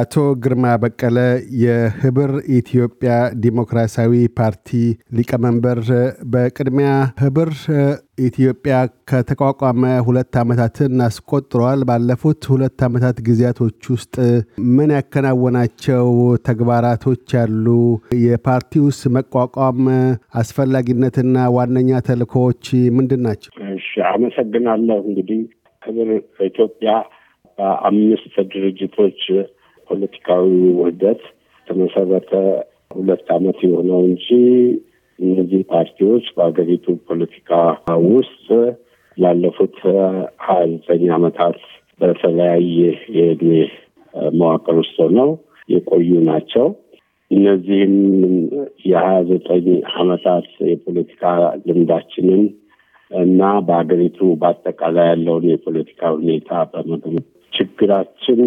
አቶ ግርማ በቀለ የህብር ኢትዮጵያ ዲሞክራሲያዊ ፓርቲ ሊቀመንበር፣ በቅድሚያ ህብር ኢትዮጵያ ከተቋቋመ ሁለት ዓመታትን አስቆጥሯል። ባለፉት ሁለት ዓመታት ጊዜያቶች ውስጥ ምን ያከናወናቸው ተግባራቶች አሉ? የፓርቲውስ መቋቋም አስፈላጊነትና ዋነኛ ተልእኮዎች ምንድን ናቸው? እሺ፣ አመሰግናለሁ። እንግዲህ ህብር ኢትዮጵያ በአምስት ድርጅቶች ፖለቲካዊ ውህደት ተመሰረተ ሁለት ዓመት የሆነው እንጂ እነዚህ ፓርቲዎች በሀገሪቱ ፖለቲካ ውስጥ ላለፉት ሀያ ዘጠኝ ዓመታት በተለያየ የእድሜ መዋቅር ውስጥ ሆነው የቆዩ ናቸው። እነዚህም የሀያ ዘጠኝ ዓመታት የፖለቲካ ልምዳችንን እና በሀገሪቱ በአጠቃላይ ያለውን የፖለቲካ ሁኔታ በመገመት ችግራችን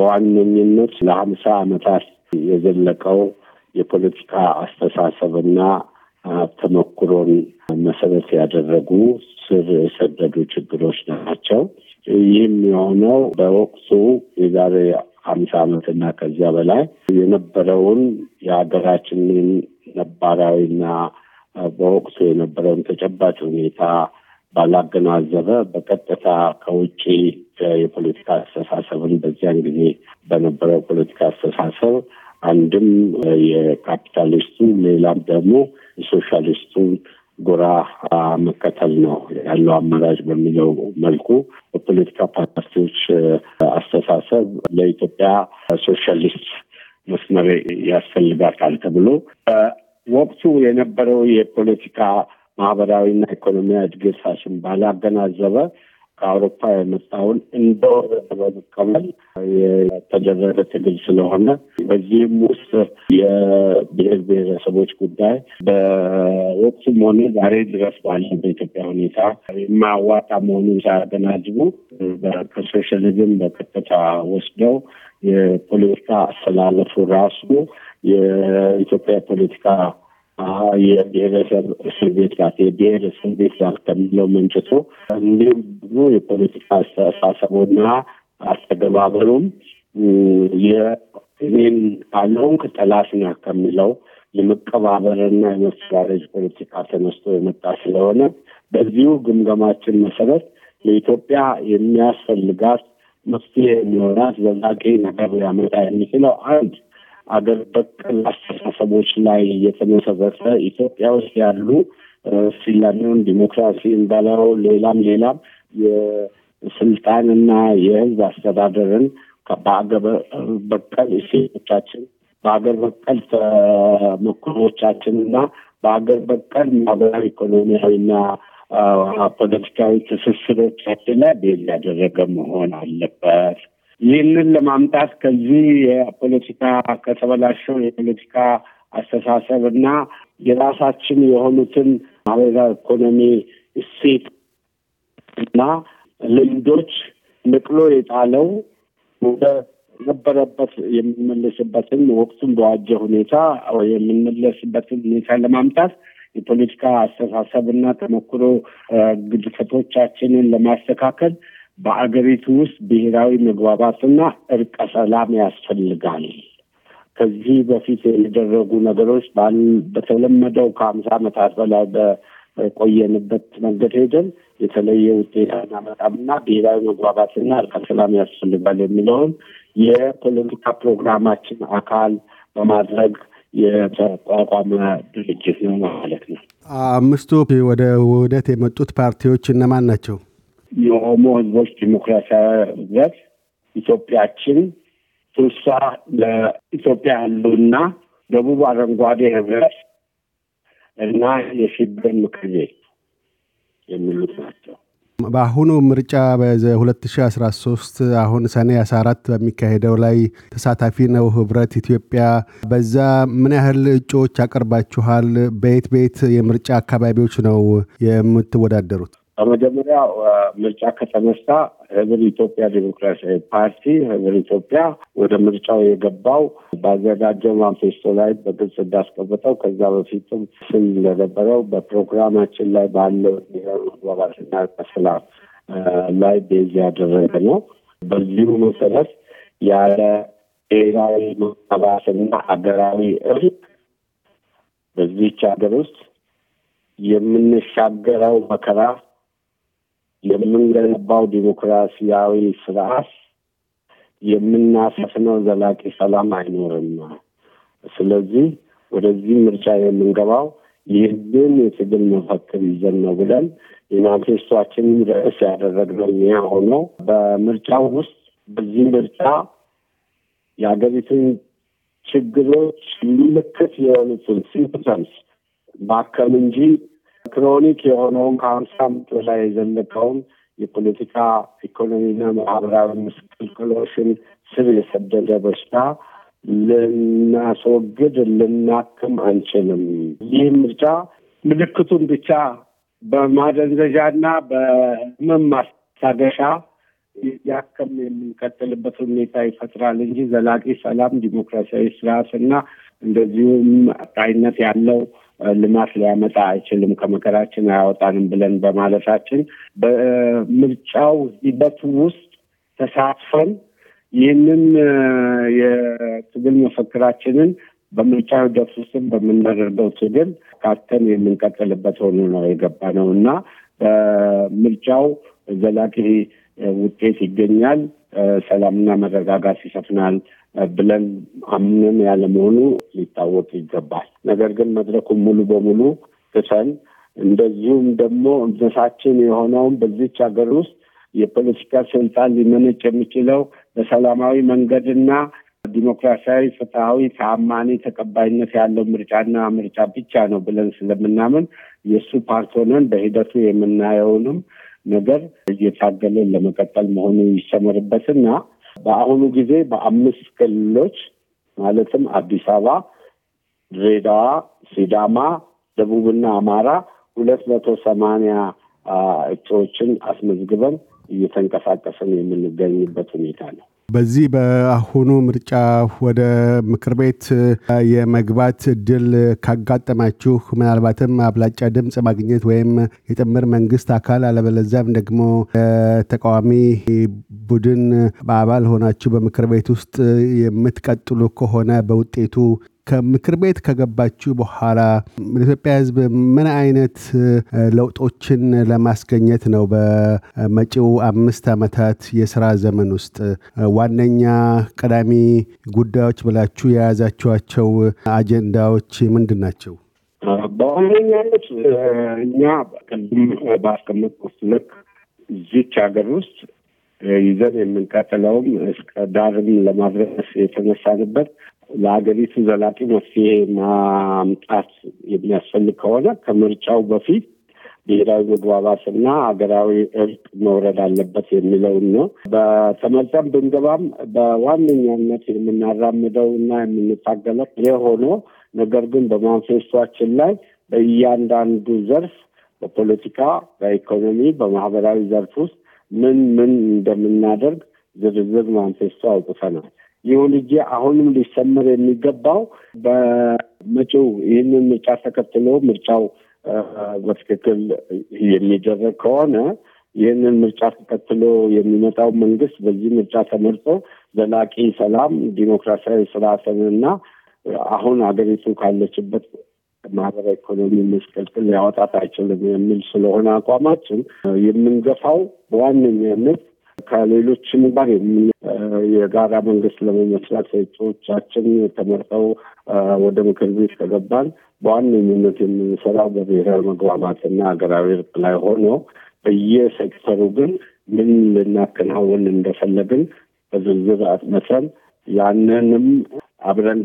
በዋነኝነት ለሀምሳ ዓመታት የዘለቀው የፖለቲካ አስተሳሰብና ተሞክሮን መሰረት ያደረጉ ስር የሰደዱ ችግሮች ናቸው። ይህም የሆነው በወቅቱ የዛሬ ሀምሳ ዓመትና ከዚያ በላይ የነበረውን የሀገራችንን ነባራዊና በወቅቱ የነበረውን ተጨባጭ ሁኔታ ባላገናዘበ በቀጥታ ከውጭ የፖለቲካ አስተሳሰብን በዚያን ጊዜ በነበረው ፖለቲካ አስተሳሰብ አንድም የካፒታሊስቱ ሌላም ደግሞ የሶሻሊስቱን ጎራ መከተል ነው ያለው አማራጭ በሚለው መልኩ በፖለቲካ ፓርቲዎች አስተሳሰብ ለኢትዮጵያ ሶሻሊስት መስመር ያስፈልጋታል ተብሎ ወቅቱ የነበረው የፖለቲካ ማህበራዊና ኢኮኖሚያዊ እድገት ፋሽን ባላገናዘበ ከአውሮፓ የመጣውን እንደወረደ በመቀበል የተደረገ ትግል ስለሆነ በዚህም ውስጥ የብሔር ብሔረሰቦች ጉዳይ በወቅቱም ሆነ ዛሬ ድረስ ባለ በኢትዮጵያ ሁኔታ የማያዋጣ መሆኑን ሳያገናዝቡ ከሶሻሊዝም በቀጥታ ወስደው የፖለቲካ አስተላለፉ ራሱ የኢትዮጵያ ፖለቲካ የብሔረሰብ እስር ቤት ጋር የብሔር እስር ቤት ጋር ከሚለው መንጭቶ እንዲሁም ብዙ የፖለቲካ አስተሳሰቡና አስተገባበሩም የእኔን አለውንክ ጠላትና ከሚለው የመቀባበርና የመፈራረጅ ፖለቲካ ተነስቶ የመጣ ስለሆነ በዚሁ ግምገማችን መሰረት ለኢትዮጵያ የሚያስፈልጋት መፍትሄ የሚሆናት ዘላቂ ነገር ሊያመጣ የሚችለው አንድ አገር በቀል አስተሳሰቦች ላይ የተመሰረተ ኢትዮጵያ ውስጥ ያሉ ፊንላንድን ዲሞክራሲ እንዳለው ሌላም ሌላም የስልጣን የስልጣንና የህዝብ አስተዳደርን በአገር በቀል እሴቶቻችን በአገር በቀል ተሞክሮቻችን እና በሀገር በቀል ማህበራዊ፣ ኢኮኖሚያዊና ፖለቲካዊ ትስስሮቻችን ላይ ቤዝ ያደረገ መሆን አለበት። ይህንን ለማምጣት ከዚህ የፖለቲካ ከተበላሸው የፖለቲካ አስተሳሰብ እና የራሳችን የሆኑትን ማህበራዊ ኢኮኖሚ እሴት እና ልምዶች ንቅሎ የጣለው ወደ ነበረበት የምንመለስበትን ወቅቱን በዋጀ ሁኔታ የምንመለስበትን ሁኔታ ለማምጣት የፖለቲካ አስተሳሰብና ተሞክሮ ግድፈቶቻችንን ለማስተካከል በአገሪቱ ውስጥ ብሔራዊ መግባባትና እርቀ ሰላም ያስፈልጋል። ከዚህ በፊት የሚደረጉ ነገሮች በተለመደው ከሀምሳ ዓመታት በላይ በቆየንበት መንገድ ሄደን የተለየ ውጤት አናመጣም ብሔራዊ መግባባትና እርቀ ሰላም ያስፈልጋል የሚለውን የፖለቲካ ፕሮግራማችን አካል በማድረግ የተቋቋመ ድርጅት ነው ማለት ነው። አምስቱ ወደ ውህደት የመጡት ፓርቲዎች እነማን ናቸው? የኦሮሞ ህዝቦች ዲሞክራሲያዊ ህብረት ኢትዮጵያችን ስልሳ ለኢትዮጵያ ህልውና ደቡብ አረንጓዴ ህብረት እና የሽብር ምክር ቤት የሚሉት ናቸው። በአሁኑ ምርጫ በ2013 አሁን ሰኔ 14 በሚካሄደው ላይ ተሳታፊ ነው ህብረት ኢትዮጵያ። በዛ ምን ያህል እጩዎች አቅርባችኋል? በየት በየት የምርጫ አካባቢዎች ነው የምትወዳደሩት? በመጀመሪያ ምርጫ ከተነሳ ህብር ኢትዮጵያ ዴሞክራሲያዊ ፓርቲ ህብር ኢትዮጵያ ወደ ምርጫው የገባው ባዘጋጀው ማንፌስቶ ላይ በግልጽ እንዳስቀምጠው ከዛ በፊትም ስም እንደነበረው በፕሮግራማችን ላይ ባለው መግባባትና ሰላም ላይ ቤዝ ያደረገ ነው። በዚሁ መሰረት ያለ ብሔራዊ መባትና ሀገራዊ እርቅ በዚች ሀገር ውስጥ የምንሻገረው መከራ የምንገነባው ዲሞክራሲያዊ ስርዓት የምናሰፍነው ዘላቂ ሰላም አይኖርም። ስለዚህ ወደዚህ ምርጫ የምንገባው ይህንን የትግል መፈክር ይዘን ነው ብለን የማንፌስቷችን ርዕስ ያደረግነው ይህ ሆኖ በምርጫው ውስጥ በዚህ ምርጫ የሀገሪቱን ችግሮች ምልክት የሆኑትን ሲምፕተምስ ማከም እንጂ ክሮኒክ የሆነውን ከሀምሳ ዓመት በላይ የዘለቀውን የፖለቲካ ኢኮኖሚና ማህበራዊ ምስቅልቅሎሽን ስር የሰደደ በሽታ ልናስወግድ ልናክም አንችልም። ይህ ምርጫ ምልክቱን ብቻ በማደንዘዣና በህመም ማስታገሻ ያክም የምንቀጥልበት ሁኔታ ይፈጥራል እንጂ ዘላቂ ሰላም፣ ዲሞክራሲያዊ እና እንደዚሁም አቃይነት ያለው ልማት ሊያመጣ አይችልም፣ ከመከራችን አያወጣንም ብለን በማለታችን በምርጫው ሂደት ውስጥ ተሳትፈን ይህንን የትግል መፈክራችንን በምርጫ ሂደት ውስጥም በምናደርገው ትግል ካተን የምንቀጥልበት ሆኖ ነው የገባ ነው እና በምርጫው ዘላቂ ውጤት ይገኛል። ሰላምና መረጋጋት ይሰፍናል ብለን አምነን ያለመሆኑ ሊታወቅ ይገባል። ነገር ግን መድረኩን ሙሉ በሙሉ ትተን እንደዚሁም ደግሞ እምነታችን የሆነውን በዚች ሀገር ውስጥ የፖለቲካ ስልጣን ሊመነጭ የሚችለው በሰላማዊ መንገድና ዲሞክራሲያዊ፣ ፍትሐዊ፣ ተአማኒ ተቀባይነት ያለው ምርጫና ምርጫ ብቻ ነው ብለን ስለምናምን የእሱ ፓርት ሆነን በሂደቱ የምናየውንም ነገር እየታገለ ለመቀጠል መሆኑ ይሰመርበትና በአሁኑ ጊዜ በአምስት ክልሎች ማለትም አዲስ አበባ፣ ድሬዳዋ፣ ሲዳማ፣ ደቡብና አማራ ሁለት መቶ ሰማንያ እጩዎችን አስመዝግበን እየተንቀሳቀስን የምንገኝበት ሁኔታ ነው። በዚህ በአሁኑ ምርጫ ወደ ምክር ቤት የመግባት እድል ካጋጠማችሁ ምናልባትም አብላጫ ድምፅ ማግኘት ወይም የጥምር መንግስት አካል አለበለዛም ደግሞ ተቃዋሚ ቡድን በአባል ሆናችሁ በምክር ቤት ውስጥ የምትቀጥሉ ከሆነ በውጤቱ ከምክር ቤት ከገባችሁ በኋላ ለኢትዮጵያ ህዝብ ምን አይነት ለውጦችን ለማስገኘት ነው በመጪው አምስት ዓመታት የስራ ዘመን ውስጥ ዋነኛ ቀዳሚ ጉዳዮች ብላችሁ የያዛችኋቸው አጀንዳዎች ምንድን ናቸው? በዋነኛነት እኛ ቅድም ባስቀመጥኩት ልክ እዚች ሀገር ውስጥ ይዘን የምንቀጥለውም እስከ ዳርም ለማድረስ የተነሳንበት ለሀገሪቱ ዘላቂ መፍትሄ ማምጣት የሚያስፈልግ ከሆነ ከምርጫው በፊት ብሔራዊ መግባባትና ሀገራዊ እርቅ መውረድ አለበት የሚለውን ነው። በተመርጠን ብንገባም በዋነኛነት የምናራምደው እና የምንታገለው ይህ ሆኖ ነገር ግን በማንፌስቷችን ላይ በእያንዳንዱ ዘርፍ በፖለቲካ፣ በኢኮኖሚ፣ በማህበራዊ ዘርፍ ውስጥ ምን ምን እንደምናደርግ ዝርዝር ማንፌስቶ አውጥተናል። ይሁን እንጂ አሁንም ሊሰምር የሚገባው በመጪው ይህንን ምርጫ ተከትሎ ምርጫው በትክክል የሚደረግ ከሆነ ይህንን ምርጫ ተከትሎ የሚመጣው መንግስት በዚህ ምርጫ ተመርጦ ዘላቂ ሰላም፣ ዲሞክራሲያዊ እና አሁን ሀገሪቱ ካለችበት ማህበራዊ ኢኮኖሚ መስቀልቅል ሊያወጣት አይችልም የሚል ስለሆነ አቋማችን የምንገፋው በዋነኛነት ከሌሎችም ጋር የጋራ መንግስት ለመመስረት እጩዎቻችን ተመርጠው ወደ ምክር ቤት ከገባን በዋነኝነት የምንሰራው በብሔራዊ መግባባትና ሀገራዊ እርቅ ላይ ሆኖ በየሴክተሩ ግን ምን ልናከናውን እንደፈለግን በዝርዝር አጥመተን ያንንም አብረን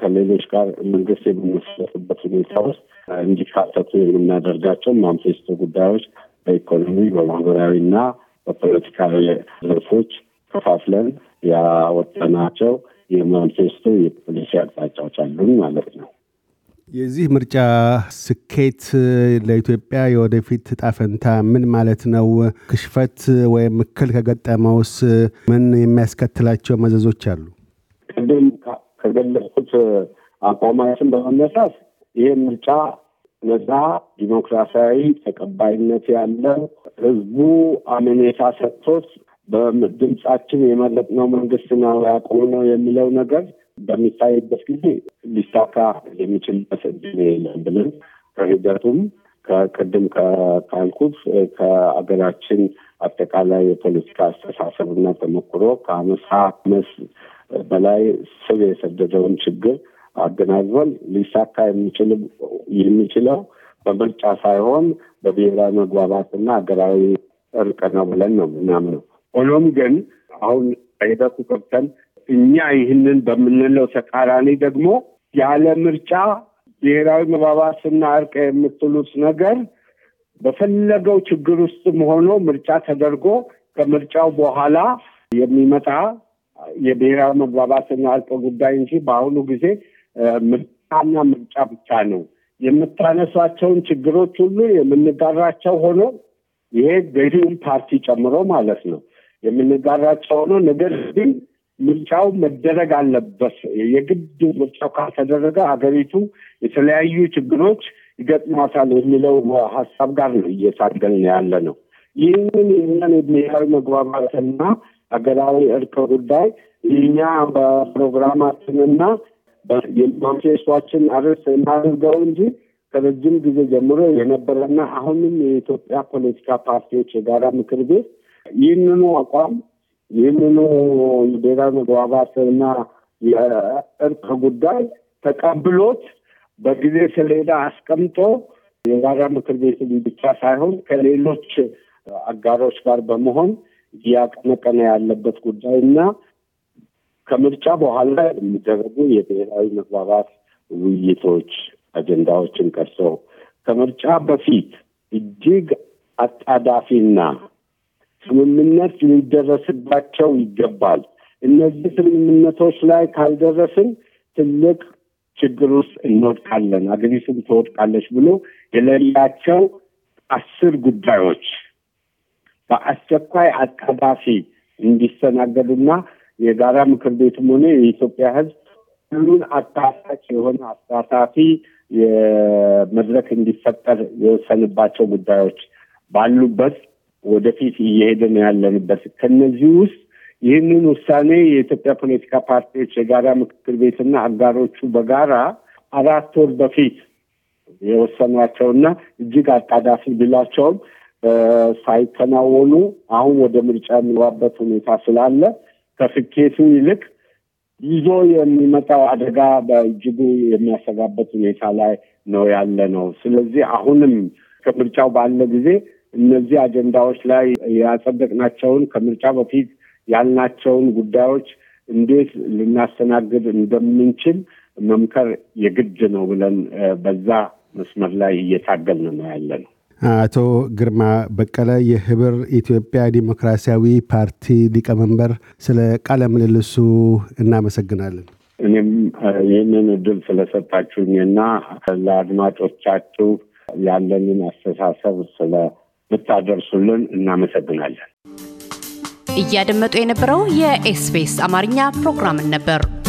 ከሌሎች ጋር መንግስት የምንመስረትበት ሁኔታ ውስጥ እንዲካተቱ የምናደርጋቸው ማንፌስቶ ጉዳዮች በኢኮኖሚ በማህበራዊና በፖለቲካዊ ዘርፎች ከፋፍለን ያወጣናቸው የማኒፌስቶ የፖሊሲ አቅጣጫዎች አሉን ማለት ነው። የዚህ ምርጫ ስኬት ለኢትዮጵያ የወደፊት ጣፈንታ ምን ማለት ነው? ክሽፈት ወይም እክል ከገጠመውስ ምን የሚያስከትላቸው መዘዞች አሉ? ቅድም ከገለጽኩት አቋማችን በመነሳት ይህ ምርጫ ነጻ ዲሞክራሲያዊ ተቀባይነት ያለው ህዝቡ አመኔታ ሰጥቶት በድምጻችን ነው መንግስት ነው ያቆምነው የሚለው ነገር በሚታይበት ጊዜ ሊሳካ የሚችልበት እድል የለም ብለን ከሂደቱም ከቅድም ከካልኩት ከአገራችን አጠቃላይ የፖለቲካ አስተሳሰብና ተሞክሮ ከአመሳ መስ በላይ ስብ የሰደደውን ችግር አገናዝበን ሊሳካ የሚችለው በምርጫ ሳይሆን በብሔራዊ መግባባትና ሀገራዊ እርቅ ነው ብለን ነው ምናምነው። ሆኖም ግን አሁን ሂደቱ ገብተን እኛ ይህንን በምንለው ተቃራኒ ደግሞ ያለ ምርጫ ብሔራዊ መግባባትና እርቅ የምትሉት ነገር በፈለገው ችግር ውስጥም ሆኖ ምርጫ ተደርጎ ከምርጫው በኋላ የሚመጣ የብሔራዊ መግባባትና እርቅ ጉዳይ እንጂ በአሁኑ ጊዜ ምርጫና ምርጫ ብቻ ነው። የምታነሷቸውን ችግሮች ሁሉ የምንጋራቸው ሆኖ ይሄ ገዢውን ፓርቲ ጨምሮ ማለት ነው የምንጋራቸው ሆኖ ነገር ግን ምርጫው መደረግ አለበት። የግድ ምርጫው ካልተደረገ ሀገሪቱ የተለያዩ ችግሮች ይገጥሟታል የሚለው ሀሳብ ጋር ነው እየታገልን ያለ ነው። ይህንን ይህንን የብሔራዊ መግባባትና ሀገራዊ እርቅ ጉዳይ የኛ በፕሮግራማችንና የማንፌስቶችን አርስ እናደርገው እንጂ ከረጅም ጊዜ ጀምሮ የነበረና አሁንም የኢትዮጵያ ፖለቲካ ፓርቲዎች የጋራ ምክር ቤት ይህንኑ አቋም ይህንኑ የብሔራዊ መግባባትና የእርቅ ጉዳይ ተቀብሎት በጊዜ ሰሌዳ አስቀምጦ የጋራ ምክር ቤትን ብቻ ሳይሆን ከሌሎች አጋሮች ጋር በመሆን እያቀነቀነ ያለበት ጉዳይ እና ከምርጫ በኋላ የሚደረጉ የብሔራዊ መግባባት ውይይቶች አጀንዳዎችን ቀርሶ ከምርጫ በፊት እጅግ አጣዳፊና ስምምነት ሊደረስባቸው ይገባል። እነዚህ ስምምነቶች ላይ ካልደረስን ትልቅ ችግር ውስጥ እንወድቃለን፣ አገሪቱም ትወድቃለች ብሎ የሌላቸው አስር ጉዳዮች በአስቸኳይ አጣዳፊ እንዲስተናገዱና የጋራ ምክር ቤቱም ሆነ የኢትዮጵያ ህዝብ ሁሉን አካታች የሆነ አሳታፊ የመድረክ እንዲፈጠር የወሰንባቸው ጉዳዮች ባሉበት ወደፊት እየሄድን ያለንበት ከነዚህ ውስጥ ይህንን ውሳኔ የኢትዮጵያ ፖለቲካ ፓርቲዎች የጋራ ምክክር ቤትና አጋሮቹ በጋራ አራት ወር በፊት የወሰኗቸውና እጅግ አጣዳፊ ብሏቸውም ሳይከናወኑ አሁን ወደ ምርጫ የሚዋበት ሁኔታ ስላለ ከስኬቱ ይልቅ ይዞ የሚመጣው አደጋ በእጅጉ የሚያሰጋበት ሁኔታ ላይ ነው ያለ ነው። ስለዚህ አሁንም ከምርጫው ባለ ጊዜ እነዚህ አጀንዳዎች ላይ ያጸደቅናቸውን ከምርጫ በፊት ያልናቸውን ጉዳዮች እንዴት ልናስተናግድ እንደምንችል መምከር የግድ ነው ብለን በዛ መስመር ላይ እየታገልን ነው ያለ ነው። አቶ ግርማ በቀለ የህብር ኢትዮጵያ ዲሞክራሲያዊ ፓርቲ ሊቀመንበር፣ ስለ ቃለ ምልልሱ እናመሰግናለን። እኔም ይህንን እድል ስለሰጣችሁኝና ለአድማጮቻችሁ ያለንን አስተሳሰብ ስለምታደርሱልን እናመሰግናለን። እያደመጡ የነበረው የኤስቢኤስ አማርኛ ፕሮግራምን ነበር።